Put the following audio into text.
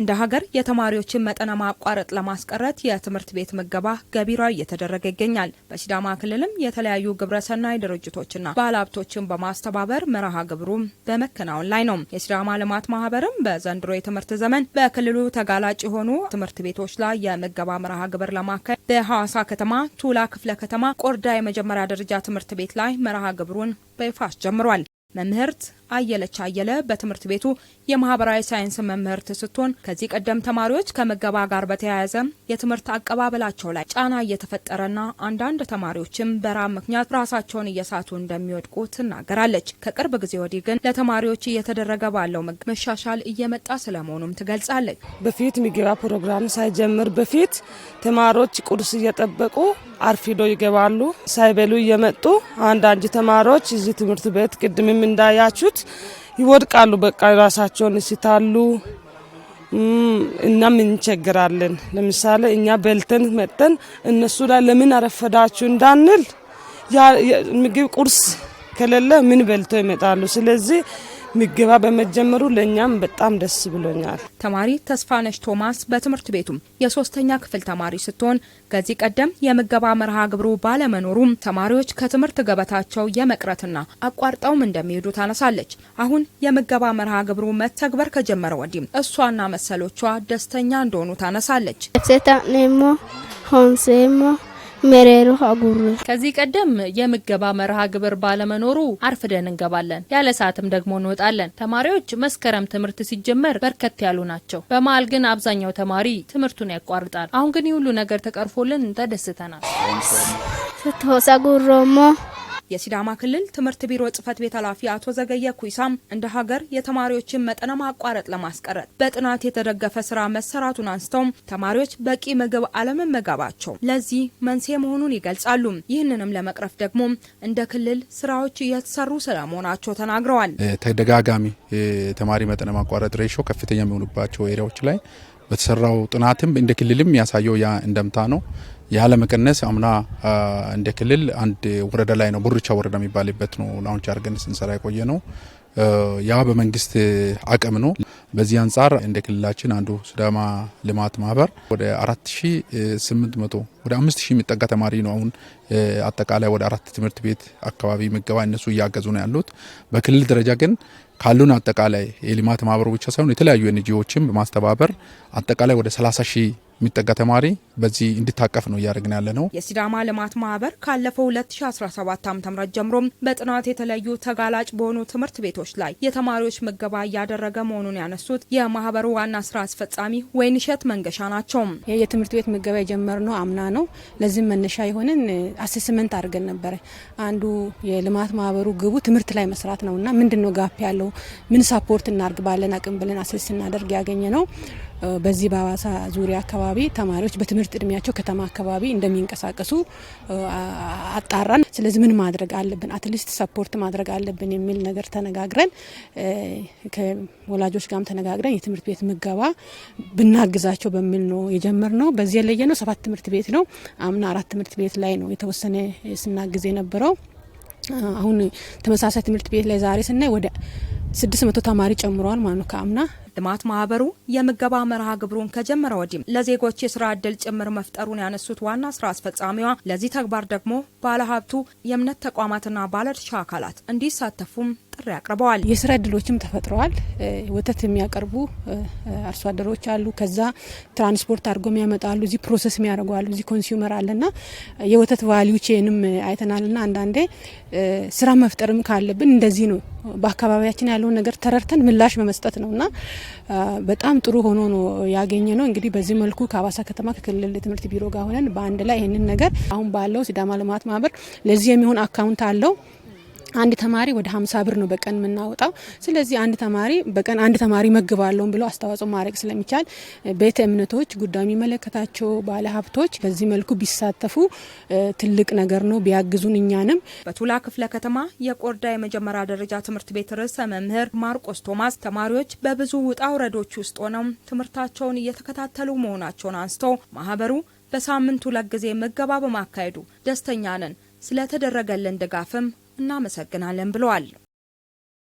እንደ ሀገር የተማሪዎችን መጠነ ማቋረጥ ለማስቀረት የትምህርት ቤት ምገባ ገቢራዊ እየተደረገ ይገኛል። በሲዳማ ክልልም የተለያዩ ግብረሰናይ ድርጅቶችና ባለሀብቶችን በማስተባበር መርሃ ግብሩም በመከናወን ላይ ነው። የሲዳማ ልማት ማህበርም በዘንድሮ የትምህርት ዘመን በክልሉ ተጋላጭ የሆኑ ትምህርት ቤቶች ላይ የምገባ መርሃ ግብር ለማካሄድ በሐዋሳ ከተማ ቱላ ክፍለ ከተማ ቆርዳ የመጀመሪያ ደረጃ ትምህርት ቤት ላይ መርሃ ግብሩን በይፋ አስጀምሯል። መምህርት አየለች አየለ በትምህርት ቤቱ የማህበራዊ ሳይንስ መምህርት ስትሆን ከዚህ ቀደም ተማሪዎች ከምገባ ጋር በተያያዘ የትምህርት አቀባበላቸው ላይ ጫና እየተፈጠረና አንዳንድ ተማሪዎችም በራብ ምክንያት ራሳቸውን እየሳቱ እንደሚወድቁ ትናገራለች። ከቅርብ ጊዜ ወዲህ ግን ለተማሪዎች እየተደረገ ባለው መሻሻል እየመጣ ስለመሆኑም ትገልጻለች። በፊት ምገባ ፕሮግራም ሳይጀምር በፊት ተማሪዎች ቁርስ እየጠበቁ አርፊዶ ይገባሉ። ሳይበሉ እየመጡ አንዳንድ ተማሪዎች እዚህ ትምህርት ቤት ቅድምም እንዳያችሁት ይወድቃሉ። በቃ ራሳቸውን ሲታሉ እናም እንቸግራለን። ለምሳሌ እኛ በልተን መጠን እነሱ ላይ ለምን አረፈዳችሁ እንዳንል ምግብ ቁርስ ከሌለ ምን በልተው ይመጣሉ። ስለዚህ ምገባ በመጀመሩ ለእኛም በጣም ደስ ብሎኛል። ተማሪ ተስፋነሽ ቶማስ በትምህርት ቤቱም የሶስተኛ ክፍል ተማሪ ስትሆን ከዚህ ቀደም የምገባ መርሃ ግብሩ ባለመኖሩም ተማሪዎች ከትምህርት ገበታቸው የመቅረትና አቋርጠውም እንደሚሄዱ ታነሳለች። አሁን የምገባ መርሃ ግብሩ መተግበር ከጀመረ ወዲህም እሷና መሰሎቿ ደስተኛ እንደሆኑ ታነሳለች። መሬሩ አጉር ከዚህ ቀደም የምገባ መርሃ ግብር ባለመኖሩ አርፍደን እንገባለን፣ ያለ ሰዓትም ደግሞ እንወጣለን። ተማሪዎች መስከረም ትምህርት ሲጀመር በርከት ያሉ ናቸው። በመሀል ግን አብዛኛው ተማሪ ትምህርቱን ያቋርጣል። አሁን ግን ሁሉ ነገር ተቀርፎልን ተደስተናል። ስትሆሳ ጉሮሞ የሲዳማ ክልል ትምህርት ቢሮ ጽህፈት ቤት ኃላፊ አቶ ዘገየ ኩይሳም እንደ ሀገር የተማሪዎችን መጠነ ማቋረጥ ለማስቀረት በጥናት የተደገፈ ስራ መሰራቱን አንስተውም ተማሪዎች በቂ ምግብ አለመመገባቸው ለዚህ መንስኤ መሆኑን ይገልጻሉ። ይህንንም ለመቅረፍ ደግሞ እንደ ክልል ስራዎች እየተሰሩ ስለመሆናቸው ተናግረዋል። ተደጋጋሚ የተማሪ መጠነ ማቋረጥ ሬሾ ከፍተኛ የሚሆኑባቸው ኤሪያዎች ላይ በተሰራው ጥናትም እንደ ክልልም ያሳየው ያ እንደምታ ነው። ያለመቀነስ አምና እንደ ክልል አንድ ወረዳ ላይ ነው ቡርቻ ወረዳ የሚባልበት ነው ላውንች አድርገን ስንሰራ የቆየ ነው። ያ በመንግስት አቅም ነው። በዚህ አንጻር እንደ ክልላችን አንዱ ስዳማ ልማት ማህበር ወደ 4800 ወደ 5000 የሚጠጋ ተማሪ ነው አሁን አጠቃላይ ወደ አራት ትምህርት ቤት አካባቢ ምገባ እነሱ እያገዙ ነው ያሉት። በክልል ደረጃ ግን ካሉን አጠቃላይ የልማት ማህበሩ ብቻ ሳይሆን የተለያዩ ኤንጂዎችን በማስተባበር አጠቃላይ ወደ 30 ሺህ የሚጠጋ ተማሪ በዚህ እንዲታቀፍ ነው እያደረግን ያለ ነው። የሲዳማ ልማት ማህበር ካለፈው 2017 ዓ ም ጀምሮ በጥናት የተለዩ ተጋላጭ በሆኑ ትምህርት ቤቶች ላይ የተማሪዎች ምገባ እያደረገ መሆኑን ያነሱት የማህበሩ ዋና ስራ አስፈጻሚ ወይንሸት መንገሻ ናቸው። የትምህርት ቤት ምገባ የጀመርነው አምና ነው። ለዚህም መነሻ የሆንን አሴስመንት አድርገን ነበረ። አንዱ የልማት ማህበሩ ግቡ ትምህርት ላይ መስራት ነው እና ምንድን ነው ጋፕ ያለው ምን ሳፖርት እናርግ ባለን አቅም ብለን አሴስ ስናደርግ ያገኘ ነው በዚህ በሀዋሳ ዙሪያ አካባቢ ተማሪዎች በትምህርት እድሜያቸው ከተማ አካባቢ እንደሚንቀሳቀሱ አጣራን። ስለዚህ ምን ማድረግ አለብን፣ አትሊስት ሰፖርት ማድረግ አለብን የሚል ነገር ተነጋግረን ከወላጆች ጋርም ተነጋግረን የትምህርት ቤት ምገባ ብናግዛቸው በሚል ነው ነው። በዚህ የለየ ነው ሰባት ትምህርት ቤት ነው። አምና አራት ትምህርት ቤት ላይ ነው የተወሰነ ስናግዝ የነበረው። አሁን ተመሳሳይ ትምህርት ቤት ላይ ዛሬ ስናይ ወደ ስድስት መቶ ተማሪ ጨምረዋል ማለት ነው ከአምና ልማት ማህበሩ የምገባ መርሃ ግብሩን ከጀመረ ወዲህም ለዜጎች የስራ እድል ጭምር መፍጠሩን ያነሱት ዋና ስራ አስፈጻሚዋ ለዚህ ተግባር ደግሞ ባለሀብቱ የእምነት ተቋማትና ባለድርሻ አካላት እንዲሳተፉም ጥሪ አቅርበዋል። የስራ እድሎችም ተፈጥረዋል። ወተት የሚያቀርቡ አርሶ አደሮች አሉ። ከዛ ትራንስፖርት አድርጎ የሚያመጣሉ። እዚህ ፕሮሰስ የሚያደርጉ አሉ። እዚህ ኮንሱመር አለና የወተት ቫሊዩ ቼንም አይተናልና አንዳንዴ ስራ መፍጠርም ካለብን እንደዚህ ነው በአካባቢያችን ያለውን ነገር ተረድተን ምላሽ በመስጠት ነው እና በጣም ጥሩ ሆኖ ነው ያገኘ ነው። እንግዲህ በዚህ መልኩ ከአባሳ ከተማ ከክልል ትምህርት ቢሮ ጋር ሆነን በአንድ ላይ ይህንን ነገር አሁን ባለው ሲዳማ ልማት ማህበር ለዚህ የሚሆን አካውንት አለው አንድ ተማሪ ወደ ሀምሳ ብር ነው በቀን የምናወጣው። ስለዚህ አንድ ተማሪ በቀን አንድ ተማሪ መግባለውን ብሎ አስተዋጽኦ ማድረግ ስለሚቻል ቤተ እምነቶች፣ ጉዳዩ የሚመለከታቸው ባለ ሀብቶች በዚህ መልኩ ቢሳተፉ ትልቅ ነገር ነው፣ ቢያግዙን እኛንም። በቱላ ክፍለ ከተማ የቆርዳ የመጀመሪያ ደረጃ ትምህርት ቤት ርዕሰ መምህር ማርቆስ ቶማስ ተማሪዎች በብዙ ውጣ ውረዶች ውስጥ ሆነው ትምህርታቸውን እየተከታተሉ መሆናቸውን አንስተው ማህበሩ በሳምንት ሁለት ጊዜ ምገባ በማካሄዱ ደስተኛ ነን፣ ስለተደረገልን ድጋፍም እናመሰግናለን ብለዋል።